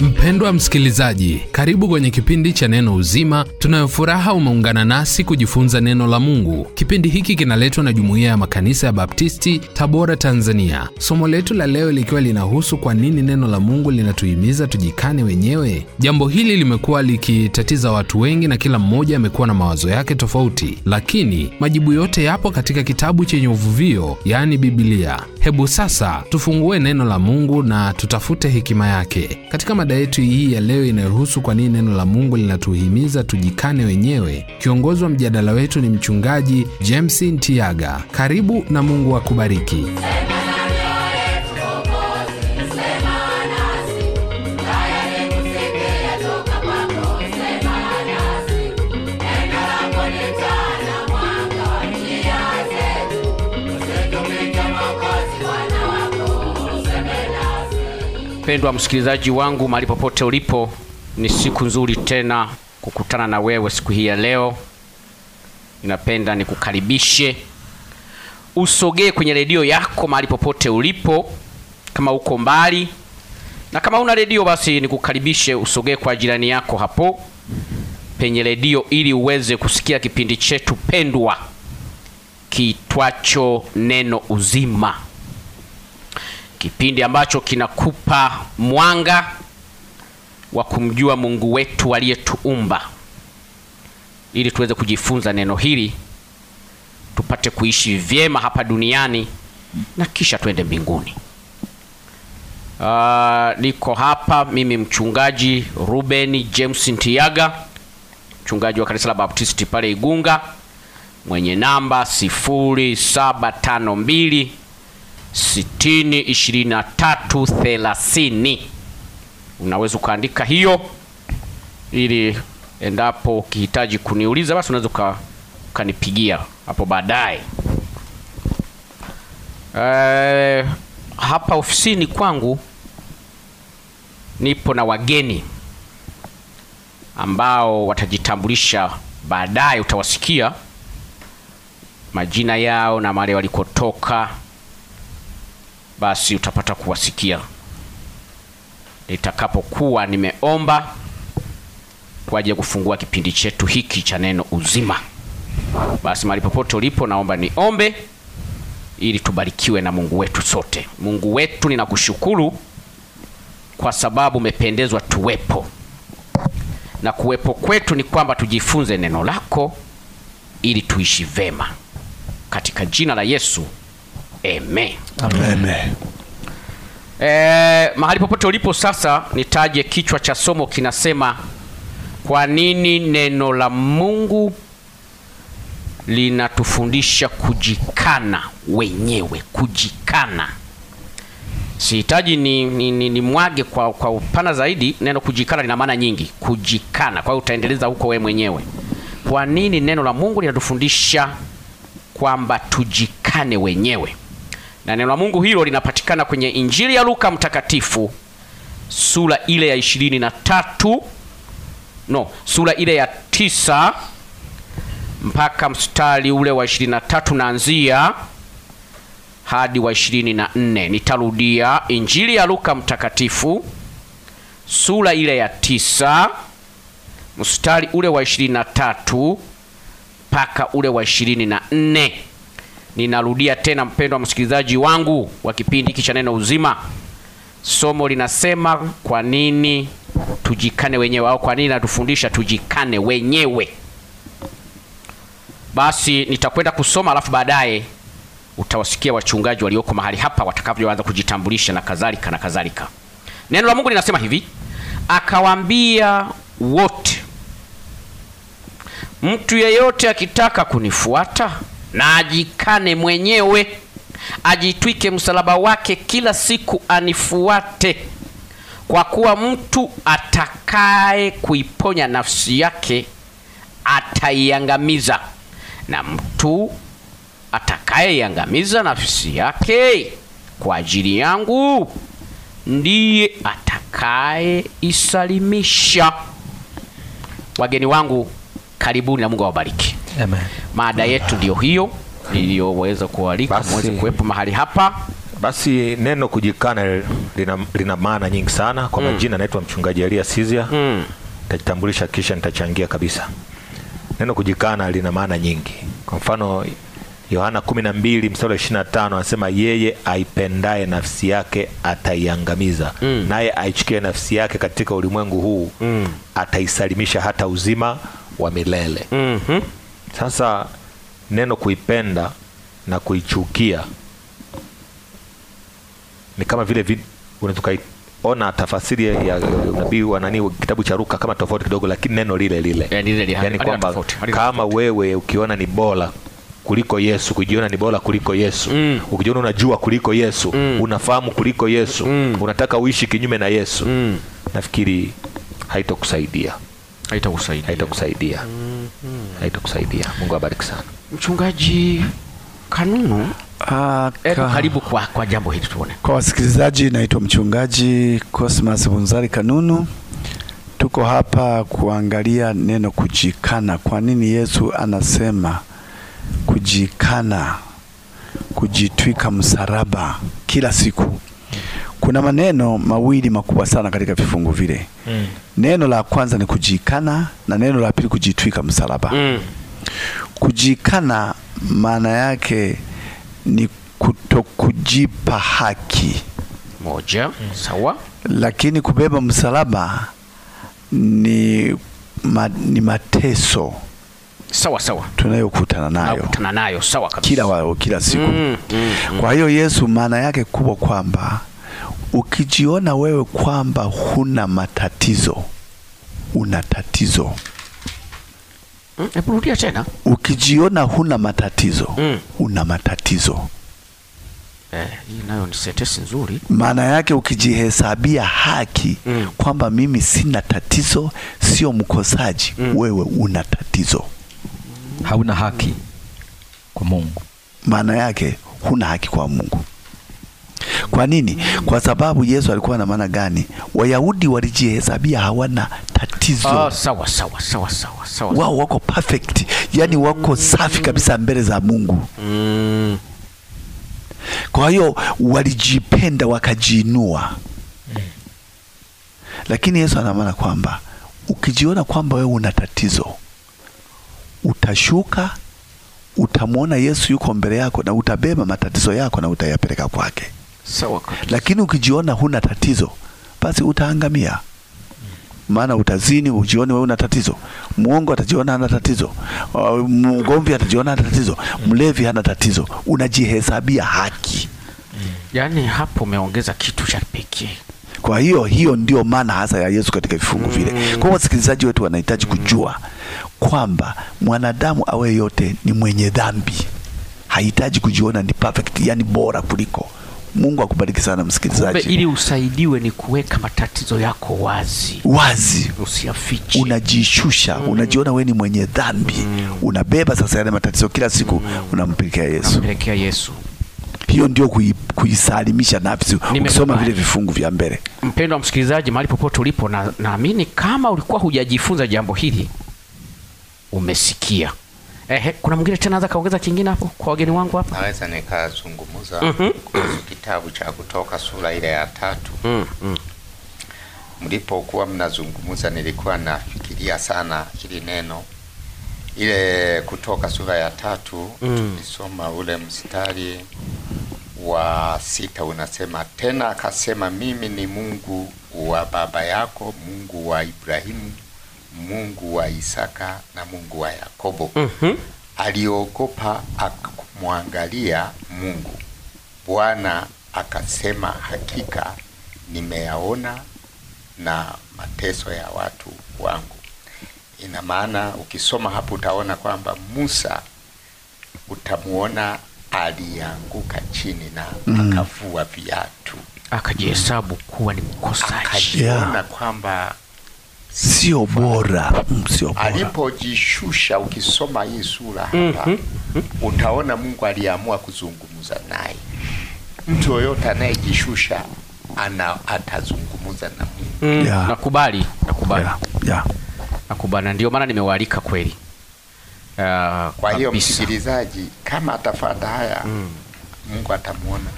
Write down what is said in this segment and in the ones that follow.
Mpendwa msikilizaji, karibu kwenye kipindi cha Neno Uzima. Tunayofuraha umeungana nasi kujifunza neno la Mungu. Kipindi hiki kinaletwa na Jumuiya ya Makanisa ya Baptisti, Tabora, Tanzania. Somo letu la leo likiwa linahusu kwa nini neno la Mungu linatuhimiza tujikane wenyewe. Jambo hili limekuwa likitatiza watu wengi na kila mmoja amekuwa na mawazo yake tofauti, lakini majibu yote yapo katika kitabu chenye uvuvio, yani Biblia. Hebu sasa tufungue neno la Mungu na tutafute hekima yake katika mada yetu hii ya leo inayohusu kwa nini neno la Mungu linatuhimiza tujikane wenyewe. Kiongozi wa mjadala wetu ni mchungaji James Ntiaga. Karibu na Mungu akubariki. Mpendwa msikilizaji wangu, mahali popote ulipo, ni siku nzuri tena kukutana na wewe siku hii ya leo. Ninapenda nikukaribishe usogee kwenye redio yako mahali popote ulipo, kama uko mbali na kama una redio basi nikukaribishe usogee kwa jirani yako hapo penye redio, ili uweze kusikia kipindi chetu pendwa kitwacho Neno Uzima kipindi ambacho kinakupa mwanga wa kumjua Mungu wetu aliyetuumba, ili tuweze kujifunza neno hili tupate kuishi vyema hapa duniani na kisha twende mbinguni. Ah, niko hapa mimi mchungaji Ruben James Ntiaga, mchungaji wa kanisa la Baptisti pale Igunga, mwenye namba 0752 sitini Unaweza ukaandika hiyo ili endapo ukihitaji kuniuliza basi unaweza ukanipigia hapo baadaye. E, hapa ofisini kwangu nipo na wageni ambao watajitambulisha baadaye, utawasikia majina yao na mali walikotoka basi utapata kuwasikia nitakapokuwa nimeomba kwa ajili ya kufungua kipindi chetu hiki cha neno uzima. Basi mahali popote ulipo, naomba niombe ili tubarikiwe na Mungu wetu sote. Mungu wetu, ninakushukuru kwa sababu umependezwa tuwepo, na kuwepo kwetu ni kwamba tujifunze neno lako ili tuishi vema, katika jina la Yesu Amen. Amen. E, mahali popote ulipo sasa, nitaje kichwa cha somo kinasema, kwa nini neno la Mungu linatufundisha kujikana wenyewe? Kujikana, sihitaji ni, ni, ni, ni mwage kwa, kwa upana zaidi. Neno kujikana lina maana nyingi, kujikana. Kwa hiyo utaendeleza huko we mwenyewe. Kwa nini neno la Mungu linatufundisha kwamba tujikane wenyewe? na neno la Mungu hilo linapatikana kwenye Injili ya Luka mtakatifu sura ile ya ishirini na tatu no, sura ile ya tisa mpaka mstari ule wa ishirini na tatu naanzia hadi wa ishirini na nne. Nitarudia Injili ya Luka mtakatifu sura ile ya tisa mstari ule wa ishirini na tatu mpaka ule wa ishirini na nne. Ninarudia tena, mpendwa msikilizaji wangu wa kipindi hiki cha Neno Uzima, somo linasema kwa nini tujikane wenyewe, au kwa nini natufundisha tujikane wenyewe. Basi nitakwenda kusoma alafu baadaye utawasikia wachungaji walioko mahali hapa watakavyoanza kujitambulisha na kadhalika na kadhalika. Neno la Mungu linasema hivi, akawambia wote, mtu yeyote akitaka kunifuata na ajikane mwenyewe, ajitwike msalaba wake kila siku, anifuate. Kwa kuwa mtu atakaye kuiponya nafsi yake ataiangamiza, na mtu atakayeiangamiza nafsi yake kwa ajili yangu ndiye atakayeisalimisha. Wageni wangu, karibuni na Mungu awabariki. Amen. Mada yetu ndio hiyo iliyoweza kualika mweze kuwepo mahali hapa. Basi neno kujikana lina, lina maana nyingi sana kwa mm. Majina naitwa mchungaji Elia Sizia mm. Nitajitambulisha kisha nitachangia kabisa. Neno kujikana lina maana nyingi. Kwa mfano Yohana 12 mstari wa 25 anasema yeye aipendaye nafsi yake ataiangamiza, mm. naye aichukie nafsi yake katika ulimwengu huu mm. ataisalimisha hata uzima wa milele. mm -hmm. Sasa neno kuipenda na kuichukia ni kama vile vid, tafasiri ya nabii wa nani kitabu cha Ruka kama tofauti kidogo, lakini neno lile lile, yaani kwamba kama wewe ukiona ni bora kuliko Yesu, kujiona ni bora kuliko Yesu mm. Ukijiona unajua kuliko Yesu mm. Unafahamu kuliko Yesu mm. Unataka uishi kinyume na Yesu mm. Nafikiri haitakusaidia, haitakusaidia, mm haitakusaidia. Mungu abariki sana. Mchungaji Kanunu, uh, karibu kwa, kwa jambo hili tuone. Kwa wasikilizaji, naitwa mchungaji Cosmas Bunzari Kanunu. Tuko hapa kuangalia neno kujikana. Kwa nini Yesu anasema kujikana, kujitwika msaraba kila siku? Kuna maneno mawili makubwa sana katika vifungu vile mm. Neno la kwanza ni kujikana na neno la pili kujitwika msalaba mm. Kujikana maana yake ni kutokujipa haki moja, mm. sawa. Lakini kubeba msalaba ni, ma, ni mateso sawa sawa tunayokutana nayo, kutana nayo sawa kabisa, kila, kila siku mm, mm, mm. Kwa hiyo Yesu maana yake kubwa kwamba Ukijiona wewe kwamba huna matatizo, una tatizo. Mm, rudia mm, tena. Ukijiona huna matatizo mm, una matatizo. Eh, hii nayo ni sentensi nzuri. Maana yake ukijihesabia haki mm, kwamba mimi sina tatizo, sio mkosaji mm, wewe una tatizo. Hauna haki mm, kwa Mungu. Maana yake huna haki kwa Mungu. Kwa nini? Kwa sababu Yesu alikuwa na maana gani? Wayahudi walijihesabia hawana tatizo. Oh, sawa, sawa, sawa, sawa, sawa. Wao wako perfect, yaani wako safi kabisa mbele za Mungu mm. Kwa hiyo walijipenda wakajiinua Lakini Yesu ana maana kwamba ukijiona kwamba wewe una tatizo utashuka utamwona Yesu yuko mbele yako na utabeba matatizo yako na utayapeleka kwake sawa kabisa. Lakini ukijiona huna tatizo, basi utaangamia maana utazini ujione wewe una tatizo, mwongo atajiona ana tatizo, mgomvi atajiona ana tatizo, mlevi hana tatizo, unajihesabia haki. Yani hapo umeongeza kitu cha pekee. Kwa hiyo hiyo ndio maana hasa ya Yesu katika vifungu vile. Mm. Kwa hiyo wasikilizaji wetu wanahitaji mm. kujua kwamba mwanadamu awe yote ni mwenye dhambi, hahitaji kujiona ni perfect, yani bora kuliko Mungu akubariki sana msikilizaji. Kumbe ili usaidiwe ni kuweka matatizo yako wazi wazi, usiyafiche. Unajishusha mm. unajiona wewe ni mwenye dhambi mm. unabeba sasa yale matatizo kila siku mm. unampelekea Yesu, unampelekea Yesu. Hiyo ndio kuisalimisha nafsi, ukisoma vile vifungu vya mbele. wa msikilizaji, mahali popote ulipo, naamini na kama ulikuwa hujajifunza jambo hili, umesikia Ehe, kuna mwingine tena anaweza kaongeza kingine hapo kwa wageni wangu hapa? Naweza nikazungumza mm -hmm. kuhusu kitabu cha Kutoka sura ile ya tatu mm -hmm. Mlipokuwa mnazungumza nilikuwa nafikiria sana hili neno ile Kutoka sura ya tatu mm. Tulisoma ule mstari wa sita unasema, tena akasema mimi ni Mungu wa baba yako, Mungu wa Ibrahimu Mungu wa Isaka na Mungu wa Yakobo. mm -hmm. Aliogopa akamwangalia Mungu. Bwana akasema, hakika nimeyaona na mateso ya watu wangu. Ina maana ukisoma hapo utaona kwamba Musa utamuona alianguka chini na mm. akavua viatu, akajihesabu kuwa ni mkosaji, akajiona yeah. kwamba sio bora, mm, sio bora. Alipojishusha, ukisoma hii sura hapa mm -hmm. utaona Mungu aliamua kuzungumza naye. Mtu yoyote anayejishusha ana atazungumza na Mungu. Mm, yeah. Nakubali, nakubali. Yeah. Yeah. Nakubali, ndio maana nimewaalika kweli. Uh, kwa hiyo msikilizaji, kama atafata haya mm. Mungu atamuona.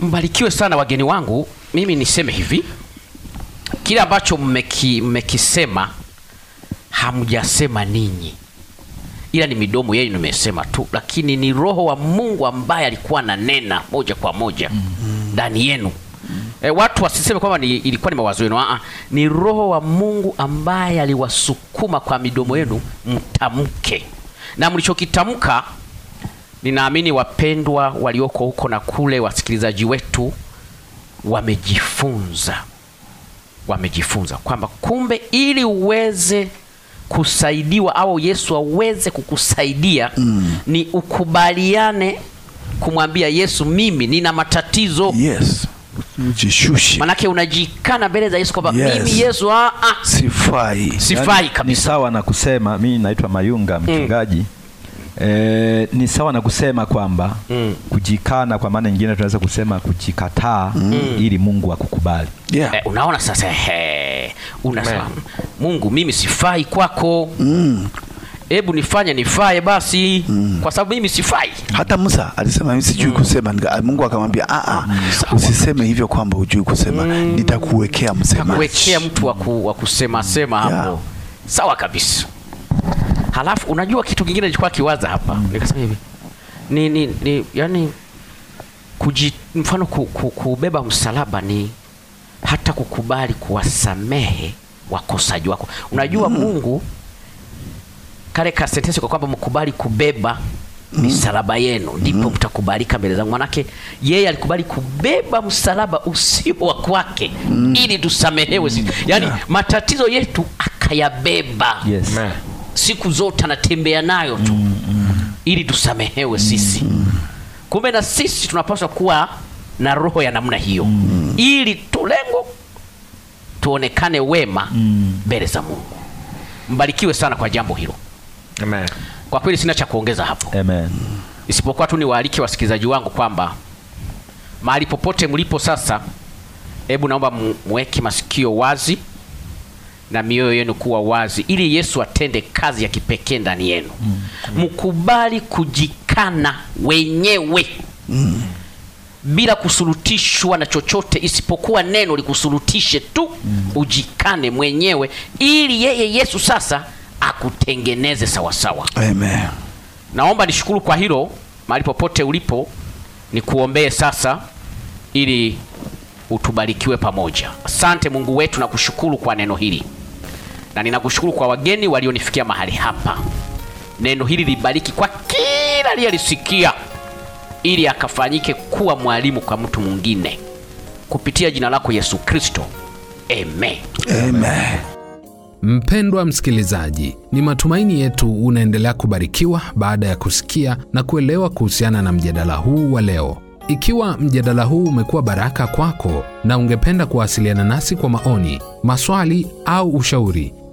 Mbarikiwe sana wageni wangu, mimi niseme hivi kile ambacho mmekisema hamjasema ninyi, ila ni midomo yenu nimesema tu, lakini ni Roho wa Mungu ambaye alikuwa nena moja kwa moja mm-hmm. ndani mm -hmm. yenu mm -hmm. E, watu wasiseme kwamba ni, ilikuwa ni mawazo yenu. Aa, ah, ah. ni Roho wa Mungu ambaye aliwasukuma kwa midomo yenu mtamke, na mlichokitamka ninaamini wapendwa walioko huko na kule, wasikilizaji wetu wamejifunza wamejifunza kwamba kumbe ili uweze kusaidiwa au Yesu aweze kukusaidia mm. ni ukubaliane kumwambia Yesu, mimi nina matatizo yes. Ujishushe, manake unajikana mbele za Yesu kwamba yes. mimi Yesu, ah, ah. sifai, sifai yaani, kabisa. Ni sawa na kusema mimi naitwa Mayunga mm. mchungaji mm. E, ni sawa na kusema kwamba mm. kujikana kwa maana nyingine tunaweza kusema kujikataa mm. ili Mungu akukubali. Yeah. E, unaona sasa he, eh, unasema Mungu mimi sifai kwako. Mm. Ebu nifanye nifae basi mm. kwa sababu mimi sifai. Hata Musa alisema mimi sijui mm. kusema. Mungu akamwambia a ah, a, ah, mm. usiseme hivyo kwamba hujui kusema mm. nitakuwekea msemaji. Nitakuwekea mtu wa kusema sema hapo. Yeah. Sawa kabisa. Halafu unajua kitu kingine nilikuwa kiwaza hapa mm. Nikasema hivi ni, ni, ni yani kuji, mfano ku, ku, kubeba msalaba ni hata kukubali kuwasamehe wakosaji wako. Unajua mm. Mungu kale ka kwa kwamba mkubali kubeba mm. misalaba yenu mm-hmm. ndipo mm. mtakubalika mbele zangu. Manake yeye alikubali kubeba msalaba usio wa kwake mm. ili tusamehewe sisi, yani yeah. matatizo yetu akayabeba. Yes siku zote anatembea nayo tu mm, mm. ili tusamehewe mm, sisi mm, mm. Kumbe na sisi tunapaswa kuwa na roho ya namna hiyo mm. mm. ili tulengo tuonekane wema mm. mbele mm. za Mungu. Mbarikiwe sana kwa jambo hilo Amen. Kwa kweli sina cha kuongeza hapo Amen. Isipokuwa tu niwaalike wasikilizaji wangu kwamba mahali popote mlipo sasa, hebu naomba muweke masikio wazi na mioyo yenu kuwa wazi, ili Yesu atende kazi ya kipekee ndani yenu. Mkubali kujikana wenyewe mm. bila kusurutishwa na chochote isipokuwa neno likusurutishe tu mm. Ujikane mwenyewe ili yeye Yesu sasa akutengeneze sawasawa. Amen. Naomba nishukuru kwa hilo, mahali popote ulipo, nikuombee sasa ili utubarikiwe pamoja. Asante Mungu wetu, na kushukuru kwa neno hili na ninakushukuru kwa wageni walionifikia mahali hapa. Neno hili libariki kwa kila aliyelisikia, ili akafanyike kuwa mwalimu kwa mtu mwingine, kupitia jina lako Yesu Kristo, amen. Amen. Mpendwa msikilizaji, ni matumaini yetu unaendelea kubarikiwa baada ya kusikia na kuelewa kuhusiana na mjadala huu wa leo. Ikiwa mjadala huu umekuwa baraka kwako na ungependa kuwasiliana nasi kwa maoni, maswali au ushauri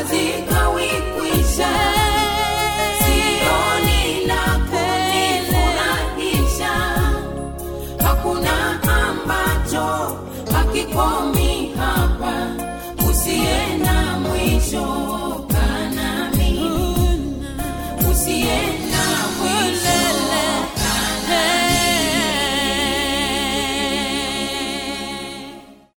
Quase